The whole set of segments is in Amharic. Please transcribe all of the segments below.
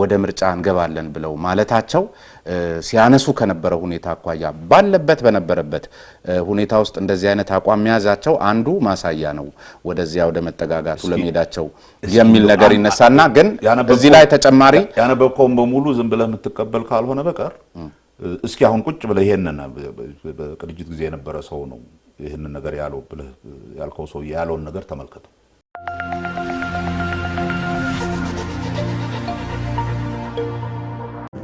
ወደ ምርጫ እንገባለን ብለው ማለታቸው ሲያነሱ ከነበረው ሁኔታ አኳያ ባለበት በነበረበት ሁኔታ ውስጥ እንደዚህ አይነት አቋም መያዛቸው አንዱ ማሳያ ነው፣ ወደዚያ ወደ መጠጋጋቱ ለመሄዳቸው የሚል ነገር ይነሳና ግን እዚህ ላይ ተጨማሪ ያነበብከውን በሙሉ ዝም ብለህ የምትቀበል ካልሆነ በቀር እስኪ አሁን ቁጭ ብለህ ይሄንን በቅድጅት ጊዜ የነበረ ሰው ነው ይህንን ነገር ያለው ብለህ ያልከው ሰው ያለውን ነገር ተመልከተው።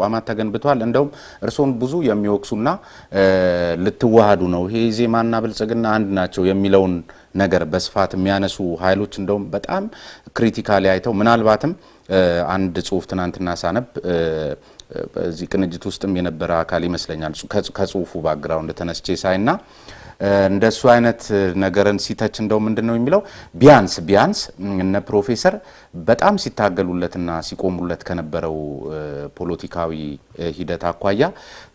ተቋማት ተገንብተዋል። እንደውም እርስዎን ብዙ የሚወቅሱና ልትዋሃዱ ነው ይሄ ዜማና ብልጽግና አንድ ናቸው የሚለውን ነገር በስፋት የሚያነሱ ኃይሎች እንደውም በጣም ክሪቲካሊ አይተው ምናልባትም አንድ ጽሁፍ ትናንትና ሳነብ በዚህ ቅንጅት ውስጥም የነበረ አካል ይመስለኛል ከጽሁፉ ባግራውንድ ተነስቼ ሳይና እንደሱ አይነት ነገርን ሲተች እንደው ምንድን ነው የሚለው ቢያንስ ቢያንስ እነ ፕሮፌሰር በጣም ሲታገሉለትና ሲቆሙለት ከነበረው ፖለቲካዊ ሂደት አኳያ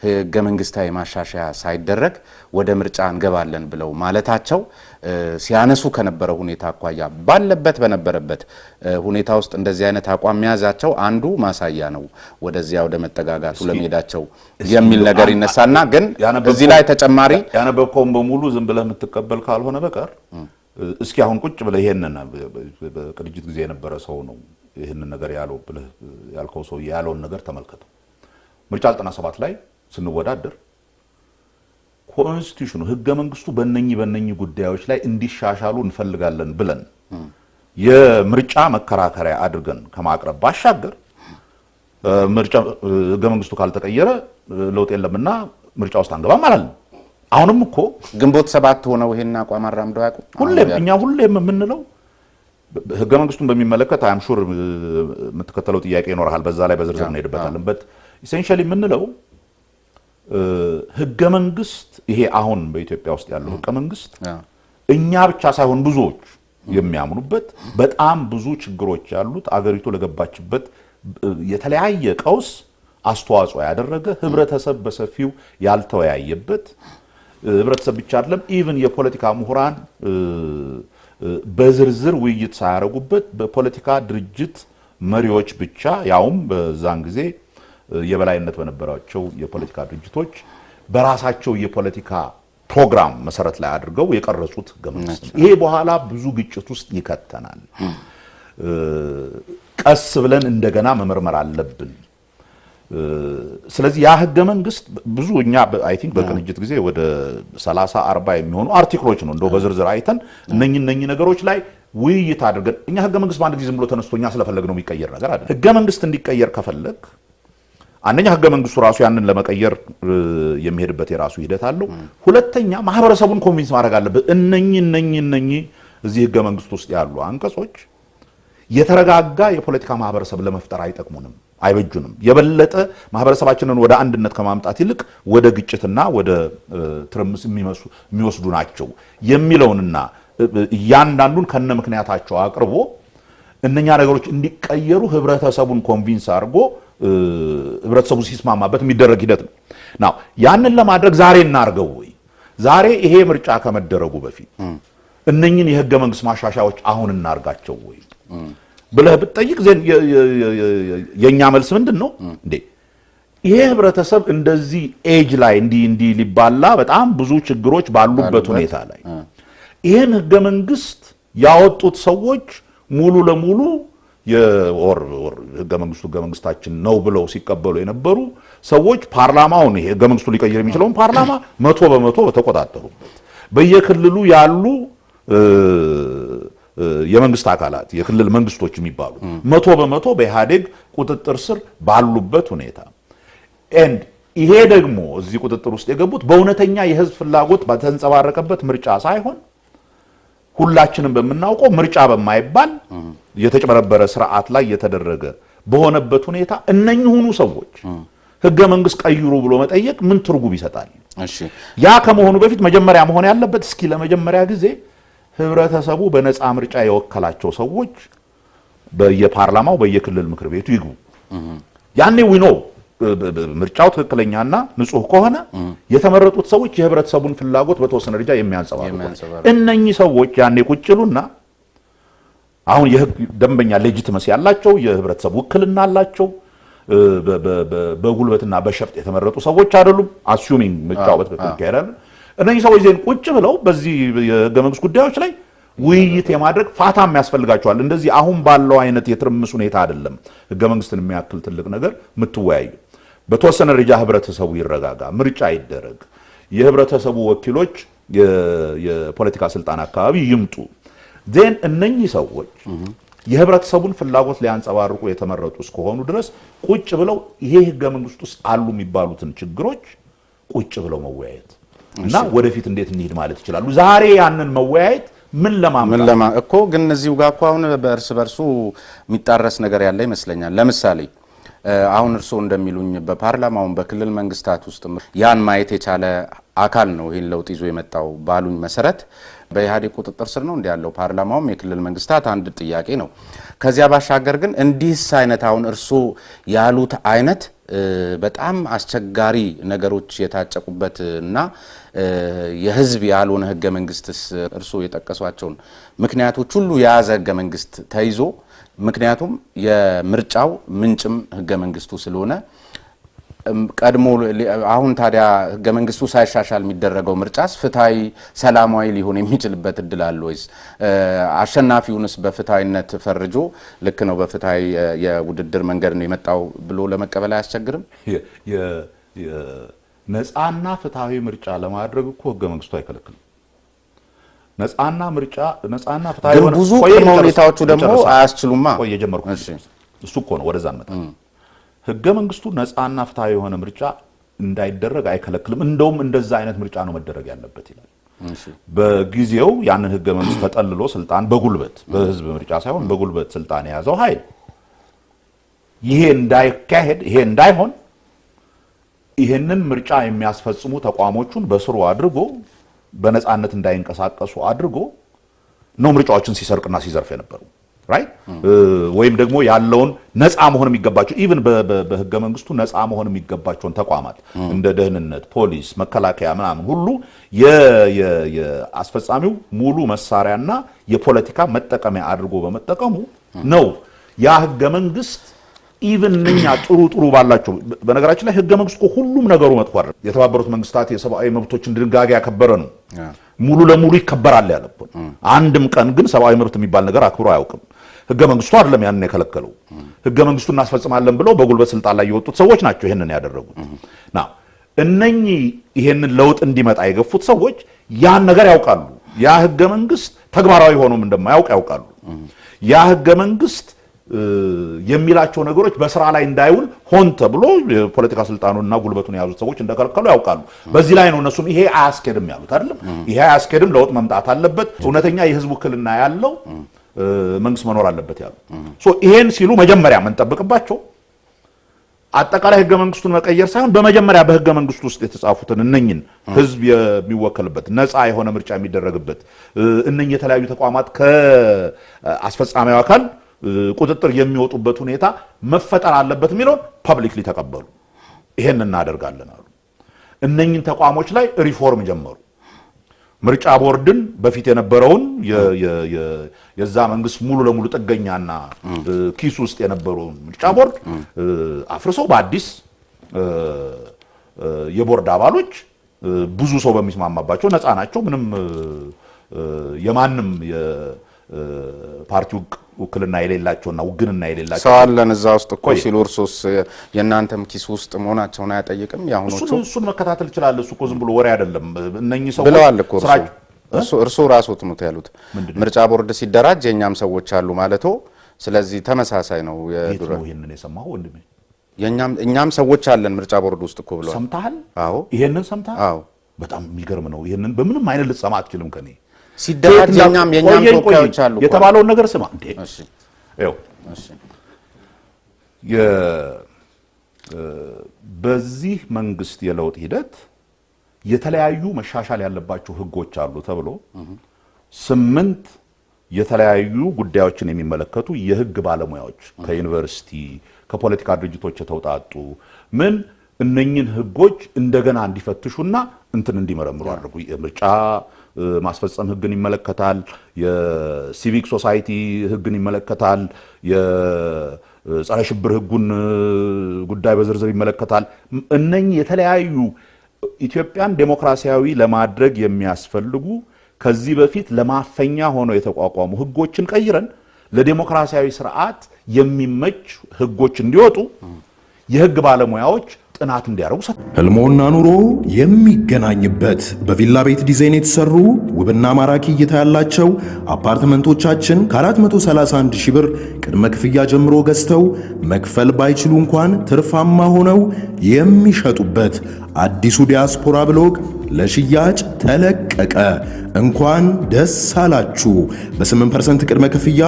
ህገ መንግስታዊ ማሻሻያ ሳይደረግ ወደ ምርጫ እንገባለን ብለው ማለታቸው ሲያነሱ ከነበረ ሁኔታ አኳያ ባለበት በነበረበት ሁኔታ ውስጥ እንደዚህ አይነት አቋም መያዛቸው አንዱ ማሳያ ነው፣ ወደዚያ ወደ መጠጋጋቱ ለመሄዳቸው የሚል ነገር ይነሳና ግን እዚህ ላይ ተጨማሪ ያነበብከውን በሙሉ ዝም ብለህ የምትቀበል ካልሆነ በቀር እስኪ አሁን ቁጭ ብለህ ይሄንን በቅድጅት ጊዜ የነበረ ሰው ነው ይህንን ነገር ያለው ብለህ ያልከው ሰው ያለውን ነገር ተመልከተው። ምርጫ ዘጠና ሰባት ላይ ስንወዳደር ኮንስቲቱሽኑ ህገ መንግስቱ በእነኚህ በእነኚህ ጉዳዮች ላይ እንዲሻሻሉ እንፈልጋለን ብለን የምርጫ መከራከሪያ አድርገን ከማቅረብ ባሻገር ምርጫ ህገ መንግስቱ ካልተቀየረ ለውጥ የለምና ምርጫ ውስጥ አንገባም አላለን። አሁንም እኮ ግንቦት ሰባት ሆነው ይሄን አቋም አራምደው ያውቁ። ሁሌም እኛ ሁሌም የምንለው ህገ መንግስቱን በሚመለከት አይም ሹር የምትከተለው ጥያቄ ይኖርሃል። በዛ ላይ በዝርዝር እንሄድበታለን። በት ኢሴንሻሊ የምንለው ህገ መንግስት ይሄ አሁን በኢትዮጵያ ውስጥ ያለው ህገ መንግስት እኛ ብቻ ሳይሆን ብዙዎች የሚያምኑበት በጣም ብዙ ችግሮች ያሉት አገሪቱ ለገባችበት የተለያየ ቀውስ አስተዋጽኦ ያደረገ ህብረተሰብ በሰፊው ያልተወያየበት ህብረተሰብ ብቻ አይደለም፣ ኢቭን የፖለቲካ ምሁራን በዝርዝር ውይይት ሳያደርጉበት በፖለቲካ ድርጅት መሪዎች ብቻ ያውም በዛን ጊዜ የበላይነት በነበራቸው የፖለቲካ ድርጅቶች በራሳቸው የፖለቲካ ፕሮግራም መሰረት ላይ አድርገው የቀረጹት ህገ ነው። ይሄ በኋላ ብዙ ግጭት ውስጥ ይከተናል። ቀስ ብለን እንደገና መመርመር አለብን። ስለዚህ ያ ህገ መንግስት ብዙ እኛ አይ ቲንክ በቅንጅት ጊዜ ወደ 30 40 የሚሆኑ አርቲክሎች ነው እንደው በዝርዝር አይተን እነኚህ እነኚህ ነገሮች ላይ ውይይት አድርገን እኛ ህገ መንግስት በአንድ ጊዜ ዝም ብሎ ተነስቶ እኛ ስለፈለግ ነው የሚቀየር ነገር አይደለም። ህገ መንግስት እንዲቀየር ከፈለግ አንደኛ ህገ መንግስቱ ራሱ ያንን ለመቀየር የሚሄድበት የራሱ ሂደት አለው። ሁለተኛ ማህበረሰቡን ኮንቪንስ ማድረግ አለበት። እነኚህ እነኝ እነኚ እዚህ ህገ መንግስት ውስጥ ያሉ አንቀጾች የተረጋጋ የፖለቲካ ማህበረሰብ ለመፍጠር አይጠቅሙንም፣ አይበጁንም። የበለጠ ማህበረሰባችንን ወደ አንድነት ከማምጣት ይልቅ ወደ ግጭትና ወደ ትርምስ የሚወስዱ ናቸው የሚለውንና እያንዳንዱን ከነ ምክንያታቸው አቅርቦ እነኛ ነገሮች እንዲቀየሩ ህብረተሰቡን ኮንቪንስ አድርጎ ህብረተሰቡ ሲስማማበት የሚደረግ ሂደት ነው። ናው ያንን ለማድረግ ዛሬ እናርገው ወይ? ዛሬ ይሄ ምርጫ ከመደረጉ በፊት እነኝን የህገ መንግስት ማሻሻዎች አሁን እናርጋቸው ወይ ብለህ ብትጠይቅ የእኛ መልስ ምንድን ነው እንዴ? ይሄ ህብረተሰብ እንደዚህ ኤጅ ላይ እንዲህ እንዲህ ሊባላ በጣም ብዙ ችግሮች ባሉበት ሁኔታ ላይ ይህን ህገ መንግስት ያወጡት ሰዎች ሙሉ ለሙሉ የወር ህገ መንግስቱ ህገ መንግስታችን ነው ብለው ሲቀበሉ የነበሩ ሰዎች ፓርላማውን ይሄ ህገ መንግስቱ ሊቀይር የሚችለውን ፓርላማ መቶ በመቶ በተቆጣጠሩበት በየክልሉ ያሉ የመንግስት አካላት የክልል መንግስቶች የሚባሉ መቶ በመቶ በኢህአዴግ ቁጥጥር ስር ባሉበት ሁኔታ ኤንድ ይሄ ደግሞ እዚህ ቁጥጥር ውስጥ የገቡት በእውነተኛ የህዝብ ፍላጎት በተንጸባረቀበት ምርጫ ሳይሆን ሁላችንም በምናውቀው ምርጫ በማይባል የተጨበረበረ ስርዓት ላይ የተደረገ በሆነበት ሁኔታ እነኚሁኑ ሰዎች ህገ መንግስት ቀይሩ ብሎ መጠየቅ ምን ትርጉም ይሰጣል? ያ ከመሆኑ በፊት መጀመሪያ መሆን ያለበት እስኪ ለመጀመሪያ ጊዜ ህብረተሰቡ በነፃ ምርጫ የወከላቸው ሰዎች በየፓርላማው በየክልል ምክር ቤቱ ይግቡ። ያኔ ዊኖ ምርጫው ትክክለኛና ንጹህ ከሆነ የተመረጡት ሰዎች የህብረተሰቡን ፍላጎት በተወሰነ ደረጃ የሚያንጸባርቁ እነኚህ ሰዎች ያኔ ቁጭሉና አሁን የህግ ደንበኛ ሌጂትመሲ ያላቸው የህብረተሰብ ውክልና አላቸው። በጉልበትና በሸፍጥ የተመረጡ ሰዎች አይደሉም። አሱሚንግ ምርጫው በትክክል ይካሄዳል። እነኚህ ሰዎች ዜን ቁጭ ብለው በዚህ የህገ መንግስት ጉዳዮች ላይ ውይይት የማድረግ ፋታም ያስፈልጋቸዋል። እንደዚህ አሁን ባለው አይነት የትርምስ ሁኔታ አይደለም ህገ መንግስትን የሚያክል ትልቅ ነገር የምትወያዩ በተወሰነ ደረጃ ህብረተሰቡ ይረጋጋ፣ ምርጫ ይደረግ፣ የህብረተሰቡ ወኪሎች የፖለቲካ ስልጣን አካባቢ ይምጡ። ዜን እነኚህ ሰዎች የህብረተሰቡን ፍላጎት ሊያንጸባርቁ የተመረጡ እስከሆኑ ድረስ ቁጭ ብለው ይሄ ህገ መንግስት ውስጥ አሉ የሚባሉትን ችግሮች ቁጭ ብለው መወያየት እና ወደፊት እንዴት እንሂድ ማለት ይችላሉ። ዛሬ ያንን መወያየት ምን ለማምን እኮ ግን እዚሁ ጋር እኮ አሁን በእርስ በርሱ የሚጣረስ ነገር ያለ ይመስለኛል። ለምሳሌ አሁን እርስዎ እንደሚሉኝ በፓርላማውን በክልል መንግስታት ውስጥ ያን ማየት የቻለ አካል ነው ይህን ለውጥ ይዞ የመጣው ባሉኝ መሰረት በኢህአዴግ ቁጥጥር ስር ነው እንዲ ያለው ፓርላማውም የክልል መንግስታት አንድ ጥያቄ ነው። ከዚያ ባሻገር ግን እንዲህስ አይነት አሁን እርስዎ ያሉት አይነት በጣም አስቸጋሪ ነገሮች የታጨቁበት እና የህዝብ ያልሆነ ህገ መንግስትስ እርስዎ የጠቀሷቸውን ምክንያቶች ሁሉ የያዘ ህገ መንግስት ተይዞ ምክንያቱም የምርጫው ምንጭም ህገ መንግስቱ ስለሆነ ቀድሞ አሁን ታዲያ ህገ መንግስቱ ሳይሻሻል የሚደረገው ምርጫስ ፍትሐዊ፣ ሰላማዊ ሊሆን የሚችልበት እድል አለ ወይስ? አሸናፊውንስ በፍትሐዊነት ፈርጆ ልክ ነው በፍትሐዊ የውድድር መንገድ ነው የመጣው ብሎ ለመቀበል አያስቸግርም? ነፃና ፍትሐዊ ምርጫ ለማድረግ እኮ ህገ መንግስቱ አይከለክልም። ነጻና ምርጫ ነፃና ፍትሃዊ ሆነ። ብዙ ቅድመ ሁኔታዎቹ ደግሞ አያስችሉማ። ቆይ የጀመርኩት እሱ እኮ ነው። ወደዛ መጣ። ህገ መንግስቱ ነጻና ፍትሃዊ የሆነ ምርጫ እንዳይደረግ አይከለክልም። እንደውም እንደዛ አይነት ምርጫ ነው መደረግ ያለበት ይላል። በጊዜው ያንን ህገ መንግስት ተጠልሎ ስልጣን በጉልበት በህዝብ ምርጫ ሳይሆን በጉልበት ስልጣን የያዘው ኃይል ይሄ እንዳይካሄድ ይሄ እንዳይሆን ይህንን ምርጫ የሚያስፈጽሙ ተቋሞቹን በስሩ አድርጎ በነፃነት እንዳይንቀሳቀሱ አድርጎ ነው ምርጫዎችን ሲሰርቅና ሲዘርፍ የነበሩ ራይት ወይም ደግሞ ያለውን ነፃ መሆን የሚገባቸው ኢቭን በህገ መንግስቱ ነፃ መሆን የሚገባቸውን ተቋማት እንደ ደህንነት፣ ፖሊስ፣ መከላከያ ምናምን ሁሉ አስፈጻሚው ሙሉ መሳሪያና የፖለቲካ መጠቀሚያ አድርጎ በመጠቀሙ ነው ያ ህገ መንግስት ኢቨን እኛ ጥሩ ጥሩ ባላቸው በነገራችን ላይ ህገ መንግስት ሁሉም ነገሩ መጥፎ አይደለም። የተባበሩት መንግስታት የሰብአዊ መብቶችን ድንጋጌ ያከበረ ነው ሙሉ ለሙሉ ይከበራል ያለብን፣ አንድም ቀን ግን ሰብአዊ መብት የሚባል ነገር አክብሮ አያውቅም። ህገ መንግስቱ አይደለም ያንን የከለከለው። ህገ መንግስቱ እናስፈጽማለን ብለው በጉልበት ስልጣን ላይ የወጡት ሰዎች ናቸው ይህንን ያደረጉት። ና እነኚህ ይሄንን ለውጥ እንዲመጣ የገፉት ሰዎች ያን ነገር ያውቃሉ። ያ ህገ መንግስት ተግባራዊ ሆኖም እንደማያውቅ ያውቃሉ። ያ ህገ መንግስት የሚላቸው ነገሮች በስራ ላይ እንዳይውል ሆን ተብሎ የፖለቲካ ስልጣኑና ጉልበቱን የያዙት ሰዎች እንደከለከሉ ያውቃሉ። በዚህ ላይ ነው እነሱም ይሄ አያስኬድም ያሉት አይደለም። ይሄ አያስኬድም፣ ለውጥ መምጣት አለበት፣ እውነተኛ የህዝብ ውክልና ያለው መንግስት መኖር አለበት ያሉ ይሄን ሲሉ መጀመሪያ የምንጠብቅባቸው አጠቃላይ ህገ መንግስቱን መቀየር ሳይሆን በመጀመሪያ በህገ መንግስቱ ውስጥ የተጻፉትን እነኝን ህዝብ የሚወከልበት ነፃ የሆነ ምርጫ የሚደረግበት እነኝ የተለያዩ ተቋማት ከአስፈጻሚው አካል ቁጥጥር የሚወጡበት ሁኔታ መፈጠር አለበት የሚለውን ፐብሊክሊ ተቀበሉ። ይሄን እናደርጋለን አሉ። እነኝን ተቋሞች ላይ ሪፎርም ጀመሩ። ምርጫ ቦርድን በፊት የነበረውን የዛ መንግስት ሙሉ ለሙሉ ጥገኛና ኪስ ውስጥ የነበረውን ምርጫ ቦርድ አፍርሰው በአዲስ የቦርድ አባሎች ብዙ ሰው በሚስማማባቸው ነፃ ናቸው። ምንም የማንም የፓርቲው ውክልና የሌላቸውና ውግንና የሌላቸው ሰው አለን እዛ ውስጥ እኮ ሲሉ እርሶስ የእናንተም ኪስ ውስጥ መሆናቸውን አያጠይቅም? የአሁኖቹ እሱን መከታተል ይችላል። እሱ እኮ ዝም ብሎ ወሬ አይደለም። እነኚህ ሰው ብለዋል እኮ እርሱ ራሶት ነው ያሉት። ምርጫ ቦርድ ሲደራጅ የእኛም ሰዎች አሉ ማለቶ። ስለዚህ ተመሳሳይ ነው። ይህንን የሰማሁ ወንድሜ እኛም ሰዎች አለን ምርጫ ቦርድ ውስጥ እኮ ብለዋል። ሰምተሃል? ይሄንን ሰምተሃል? በጣም የሚገርም ነው። ይሄንን በምንም አይነት ልትሰማ አትችልም ከኔ የተባለውን ነገር ስማ እንዴ በዚህ መንግስት የለውጥ ሂደት የተለያዩ መሻሻል ያለባቸው ህጎች አሉ ተብሎ ስምንት የተለያዩ ጉዳዮችን የሚመለከቱ የህግ ባለሙያዎች ከዩኒቨርሲቲ ከፖለቲካ ድርጅቶች የተውጣጡ ምን እነኝን ህጎች እንደገና እንዲፈትሹና እንትን እንዲመረምሩ አድርጉ። የምርጫ ማስፈጸም ህግን ይመለከታል። የሲቪክ ሶሳይቲ ህግን ይመለከታል። የጸረ ሽብር ህጉን ጉዳይ በዝርዝር ይመለከታል። እነኚህ የተለያዩ ኢትዮጵያን ዴሞክራሲያዊ ለማድረግ የሚያስፈልጉ ከዚህ በፊት ለማፈኛ ሆነው የተቋቋሙ ህጎችን ቀይረን ለዴሞክራሲያዊ ስርዓት የሚመች ህጎች እንዲወጡ የህግ ባለሙያዎች ጥናት እንዲያደርጉ ህልሞና ኑሮ የሚገናኝበት በቪላ ቤት ዲዛይን የተሰሩ ውብና ማራኪ እይታ ያላቸው አፓርትመንቶቻችን ከ431 ሺህ ብር ቅድመ ክፍያ ጀምሮ ገዝተው መክፈል ባይችሉ እንኳን ትርፋማ ሆነው የሚሸጡበት አዲሱ ዲያስፖራ ብሎግ ለሽያጭ ተለቀቀ። እንኳን ደስ አላችሁ። በ8% ቅድመ ክፍያ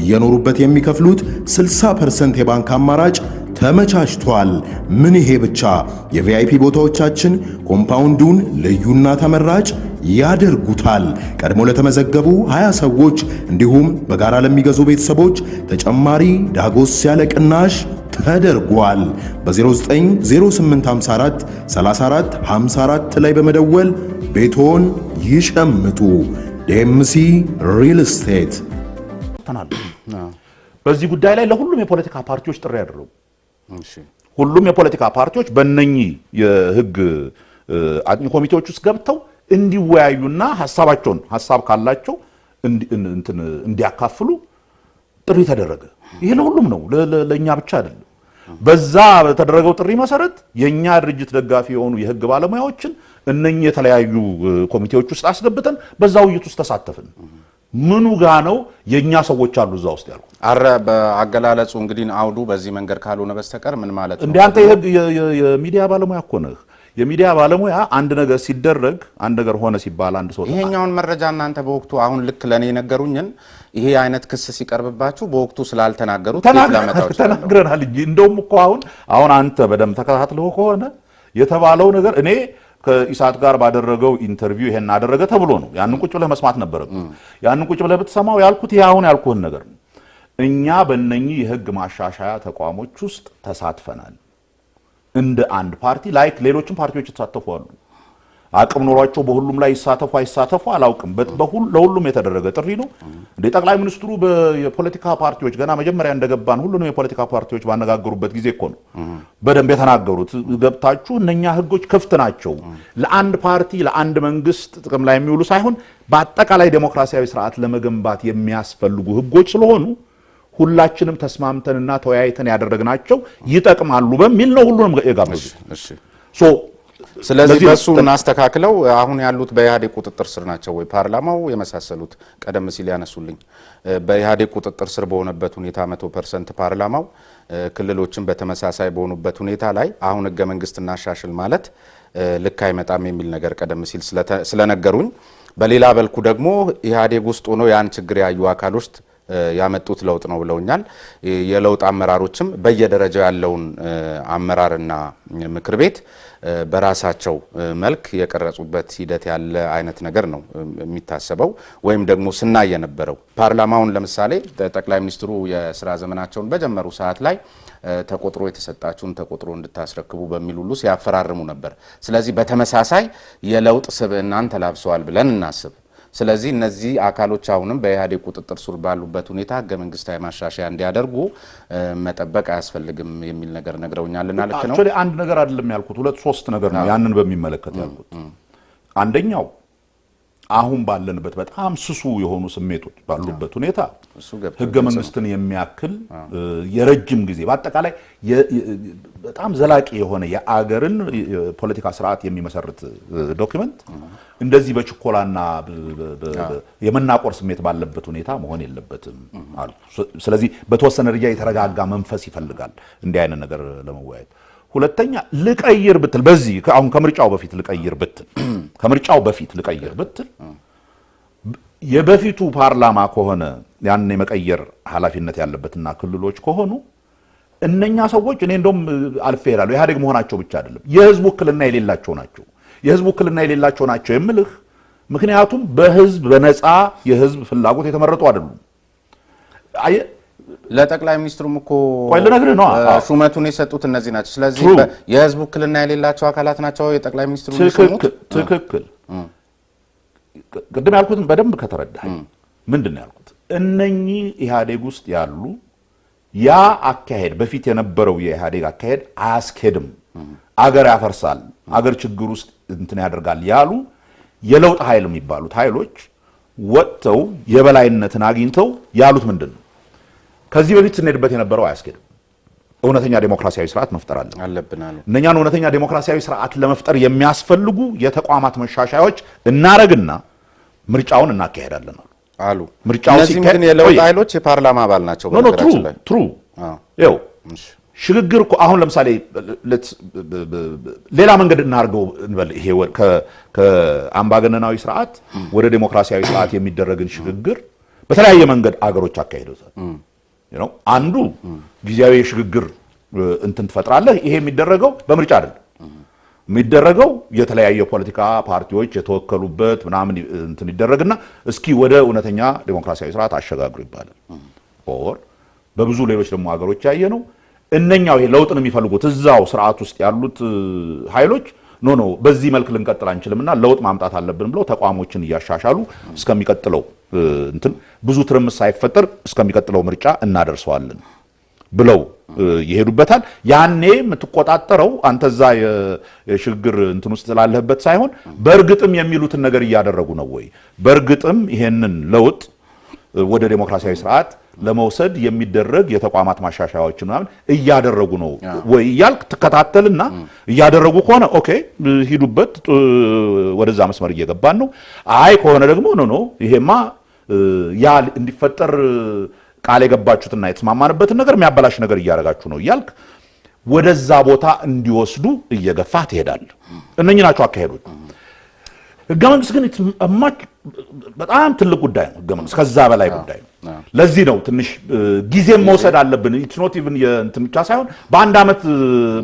እየኖሩበት የሚከፍሉት 60% የባንክ አማራጭ ተመቻችቷል። ምን ይሄ ብቻ! የቪአይፒ ቦታዎቻችን ኮምፓውንዱን ልዩና ተመራጭ ያደርጉታል። ቀድሞ ለተመዘገቡ 20 ሰዎች እንዲሁም በጋራ ለሚገዙ ቤተሰቦች ተጨማሪ ዳጎስ ያለ ቅናሽ ተደርጓል። በ090854 ላይ በመደወል ቤቶን ይሸምቱ። ዴምሲ ሪል ስቴት። በዚህ ጉዳይ ላይ ለሁሉም የፖለቲካ ፓርቲዎች ጥሪ ያደረጉ ሁሉም የፖለቲካ ፓርቲዎች በእነኚህ የህግ አጥኚ ኮሚቴዎች ውስጥ ገብተው እንዲወያዩና ሀሳባቸውን ሀሳብ ካላቸው እንዲያካፍሉ ጥሪ ተደረገ። ይሄ ለሁሉም ነው፣ ለእኛ ብቻ አይደለም። በዛ በተደረገው ጥሪ መሰረት የእኛ ድርጅት ደጋፊ የሆኑ የህግ ባለሙያዎችን እነኚህ የተለያዩ ኮሚቴዎች ውስጥ አስገብተን በዛ ውይይት ውስጥ ተሳተፍን። ምኑ ጋ ነው የእኛ ሰዎች አሉ እዛ ውስጥ ያሉ? አረ በአገላለጹ እንግዲህ አውዱ በዚህ መንገድ ካልሆነ በስተቀር ምን ማለት ነው? እንደ አንተ የሚዲያ ባለሙያ እኮ ነህ። የሚዲያ ባለሙያ አንድ ነገር ሲደረግ አንድ ነገር ሆነ ሲባል አንድ ሰው ይሄኛውን መረጃ እናንተ በወቅቱ አሁን ልክ ለእኔ የነገሩኝን ይሄ አይነት ክስ ሲቀርብባችሁ በወቅቱ ስላልተናገሩት ተናግረናል እንጂ እንደውም እኮ አሁን አሁን አንተ በደንብ ተከታትለው ከሆነ የተባለው ነገር እኔ ከኢሳት ጋር ባደረገው ኢንተርቪው ይሄን አደረገ ተብሎ ነው። ያንን ቁጭ ብለህ መስማት ነበረ ያንን ቁጭ ብለህ ብትሰማው ያልኩት ይሄ አሁን ያልኩህን ነገር ነው። እኛ በእነኚህ የህግ ማሻሻያ ተቋሞች ውስጥ ተሳትፈናል። እንደ አንድ ፓርቲ ላይክ ሌሎችም ፓርቲዎች የተሳተፉ አሉ። አቅም ኖሯቸው በሁሉም ላይ ይሳተፉ አይሳተፉ አላውቅም። ለሁሉም የተደረገ ጥሪ ነው። እንደ ጠቅላይ ሚኒስትሩ የፖለቲካ ፓርቲዎች ገና መጀመሪያ እንደገባን ሁሉንም የፖለቲካ ፓርቲዎች ባነጋገሩበት ጊዜ እኮ ነው በደንብ የተናገሩት። ገብታችሁ እነኛ ህጎች ክፍት ናቸው ለአንድ ፓርቲ ለአንድ መንግስት ጥቅም ላይ የሚውሉ ሳይሆን በአጠቃላይ ዴሞክራሲያዊ ስርዓት ለመገንባት የሚያስፈልጉ ህጎች ስለሆኑ ሁላችንም ተስማምተንና ተወያይተን ያደረግናቸው ይጠቅማሉ በሚል ነው ሁሉንም የጋበዙ። ስለዚህ በሱ እናስተካክለው። አሁን ያሉት በኢህአዴግ ቁጥጥር ስር ናቸው ወይ ፓርላማው የመሳሰሉት ቀደም ሲል ያነሱልኝ በኢህአዴግ ቁጥጥር ስር በሆነበት ሁኔታ መቶ ፐርሰንት ፓርላማው ክልሎችን በተመሳሳይ በሆኑበት ሁኔታ ላይ አሁን ህገ መንግስት እናሻሽል ማለት ልክ አይመጣም የሚል ነገር ቀደም ሲል ስለነገሩኝ፣ በሌላ በልኩ ደግሞ ኢህአዴግ ውስጥ ሆኖ ያን ችግር ያዩ አካሎች ያመጡት ለውጥ ነው ብለውኛል። የለውጥ አመራሮችም በየደረጃው ያለውን አመራርና ምክር ቤት በራሳቸው መልክ የቀረጹበት ሂደት ያለ አይነት ነገር ነው የሚታሰበው ወይም ደግሞ ስናይ የነበረው ፓርላማውን ለምሳሌ ጠቅላይ ሚኒስትሩ የስራ ዘመናቸውን በጀመሩ ሰዓት ላይ ተቆጥሮ የተሰጣችሁን ተቆጥሮ እንድታስረክቡ በሚል ሁሉ ሲያፈራርሙ ነበር። ስለዚህ በተመሳሳይ የለውጥ ስብዕናን ተላብሰዋል ብለን እናስብ። ስለዚህ እነዚህ አካሎች አሁንም በኢህአዴግ ቁጥጥር ስር ባሉበት ሁኔታ ህገ መንግስታዊ ማሻሻያ እንዲያደርጉ መጠበቅ አያስፈልግም የሚል ነገር ነግረውኛል። ልክ ነው። አንድ ነገር አይደለም ያልኩት፣ ሁለት ሶስት ነገር ነው ያንን በሚመለከት ያልኩት አንደኛው አሁን ባለንበት በጣም ስሱ የሆኑ ስሜቶች ባሉበት ሁኔታ ህገ መንግስትን የሚያክል የረጅም ጊዜ በአጠቃላይ በጣም ዘላቂ የሆነ የአገርን ፖለቲካ ስርዓት የሚመሰርት ዶክመንት እንደዚህ በችኮላና የመናቆር ስሜት ባለበት ሁኔታ መሆን የለበትም አሉ። ስለዚህ በተወሰነ ደረጃ የተረጋጋ መንፈስ ይፈልጋል እንዲህ አይነት ነገር ለመወያየት ሁለተኛ ልቀይር ብትል በዚህ አሁን ከምርጫው በፊት ልቀይር ብትል ከምርጫው በፊት ልቀይር ብትል የበፊቱ ፓርላማ ከሆነ ያን የመቀየር ኃላፊነት ያለበትና ክልሎች ከሆኑ እነኛ ሰዎች እኔ እንደውም አልፌ ይላሉ። ኢህአዴግ መሆናቸው ብቻ አይደለም የህዝብ ውክልና የሌላቸው ናቸው። የህዝብ ውክልና የሌላቸው ናቸው የምልህ ምክንያቱም በህዝብ በነፃ የህዝብ ፍላጎት የተመረጡ አይደሉም። ለጠቅላይ ሚኒስትሩም እኮ ልነግርህ ነው ሹመቱን የሰጡት እነዚህ ናቸው። ስለዚህ የህዝቡ ውክልና የሌላቸው አካላት ናቸው የጠቅላይ ሚኒስትሩ ሹሙት። ትክክል። ቅድም ያልኩትን በደንብ ከተረዳኸኝ ምንድን ነው ያልኩት? እነኚህ ኢህአዴግ ውስጥ ያሉ ያ አካሄድ በፊት የነበረው የኢህአዴግ አካሄድ አያስኬድም፣ አገር ያፈርሳል፣ አገር ችግር ውስጥ እንትን ያደርጋል ያሉ የለውጥ ኃይል የሚባሉት ኃይሎች ወጥተው የበላይነትን አግኝተው ያሉት ምንድን ነው ከዚህ በፊት ስንሄድበት የነበረው አያስኬድም። እውነተኛ ዴሞክራሲያዊ ስርዓት መፍጠር አለ አለብን። እነኛን እውነተኛ ዴሞክራሲያዊ ስርዓት ለመፍጠር የሚያስፈልጉ የተቋማት መሻሻያዎች እናረግና ምርጫውን እናካሄዳለን አሉ አሉ። ምርጫው ሲካሄድ የለውጥ ኃይሎች የፓርላማ አባል ናቸው። ትሩ ትሩ ይኸው ሽግግር እኮ አሁን ለምሳሌ ሌላ መንገድ እናርገው እንበል። ይሄ ከአምባገነናዊ ስርዓት ወደ ዴሞክራሲያዊ ስርዓት የሚደረግን ሽግግር በተለያየ መንገድ አገሮች አካሂደውታል። አንዱ ጊዜያዊ የሽግግር እንትን ትፈጥራለህ። ይሄ የሚደረገው በምርጫ አይደለም። የሚደረገው የተለያዩ የፖለቲካ ፓርቲዎች የተወከሉበት ምናምን እንትን ይደረግና እስኪ ወደ እውነተኛ ዴሞክራሲያዊ ስርዓት አሸጋግሩ ይባላል። ኦር በብዙ ሌሎች ደግሞ ሀገሮች ያየ ነው። እነኛው ይሄ ለውጥን የሚፈልጉት እዛው ስርዓት ውስጥ ያሉት ኃይሎች ኖ ኖ በዚህ መልክ ልንቀጥል አንችልምና ለውጥ ማምጣት አለብን ብለው ተቋሞችን እያሻሻሉ እስከሚቀጥለው እንትን ብዙ ትርምስ ሳይፈጠር እስከሚቀጥለው ምርጫ እናደርሰዋለን ብለው ይሄዱበታል። ያኔ የምትቆጣጠረው አንተ እዛ የሽግግር እንትን ውስጥ ስላለህበት ሳይሆን በእርግጥም የሚሉትን ነገር እያደረጉ ነው ወይ፣ በእርግጥም ይሄንን ለውጥ ወደ ዴሞክራሲያዊ ስርዓት ለመውሰድ የሚደረግ የተቋማት ማሻሻያዎችን ምናምን እያደረጉ ነው ወይ እያልክ ትከታተልና እያደረጉ ከሆነ ኦኬ ሂዱበት፣ ወደዛ መስመር እየገባን ነው። አይ ከሆነ ደግሞ ኖ ኖ ይሄማ ያ እንዲፈጠር ቃል የገባችሁትና የተስማማንበትን ነገር የሚያበላሽ ነገር እያደረጋችሁ ነው እያልክ ወደዛ ቦታ እንዲወስዱ እየገፋ ትሄዳለህ እነኚህ ናቸው አካሄዶች። ህገ መንግስት ግን በጣም ትልቅ ጉዳይ ነው። ህገ መንግስት ከዛ በላይ ጉዳይ ነው። ለዚህ ነው ትንሽ ጊዜም መውሰድ አለብን። ኢትስ ኖት ኢቭን የእንትን ብቻ ሳይሆን በአንድ ዓመት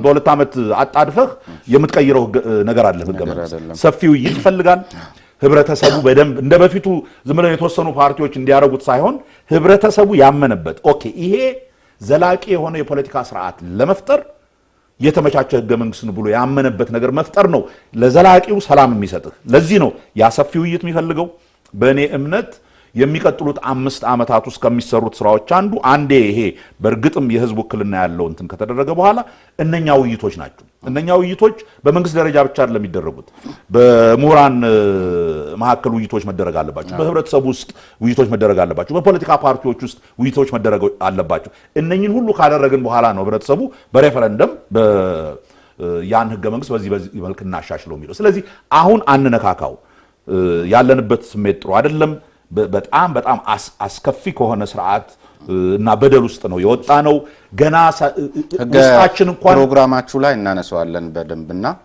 በሁለት ዓመት አጣድፈህ የምትቀይረው ነገር አለ። ህገ መንግስት ሰፊ ውይይት ይፈልጋል። ህብረተሰቡ በደንብ እንደ በፊቱ ዝም ብለን የተወሰኑ ፓርቲዎች እንዲያደርጉት ሳይሆን ህብረተሰቡ ያመነበት ኦኬ፣ ይሄ ዘላቂ የሆነ የፖለቲካ ስርዓት ለመፍጠር የተመቻቸ ህገ መንግስትን ብሎ ያመነበት ነገር መፍጠር ነው ለዘላቂው ሰላም የሚሰጥህ። ለዚህ ነው ያ ሰፊ ውይይት የሚፈልገው በእኔ እምነት የሚቀጥሉት አምስት ዓመታት ውስጥ ከሚሰሩት ስራዎች አንዱ አንዴ ይሄ በእርግጥም የህዝብ ውክልና ያለው እንትን ከተደረገ በኋላ እነኛ ውይይቶች ናቸው። እነኛ ውይይቶች በመንግስት ደረጃ ብቻ አይደለም የሚደረጉት። በምሁራን መካከል ውይይቶች መደረግ አለባቸው። በህብረተሰቡ ውስጥ ውይይቶች መደረግ አለባቸው። በፖለቲካ ፓርቲዎች ውስጥ ውይይቶች መደረግ አለባቸው። እነኝን ሁሉ ካደረግን በኋላ ነው ህብረተሰቡ በሬፈረንደም ያን ህገ መንግስት በዚህ በዚህ መልክ እናሻሽለው የሚለው። ስለዚህ አሁን አንነካካው። ያለንበት ስሜት ጥሩ አይደለም። በጣም በጣም አስከፊ ከሆነ ስርዓት እና በደል ውስጥ ነው የወጣ ነው። ገና ውስጣችን እንኳን ፕሮግራማችሁ ላይ እናነሰዋለን በደንብና